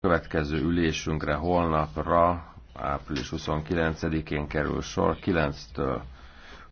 következő ülésünkre holnapra, április 29-én kerül sor, 9-től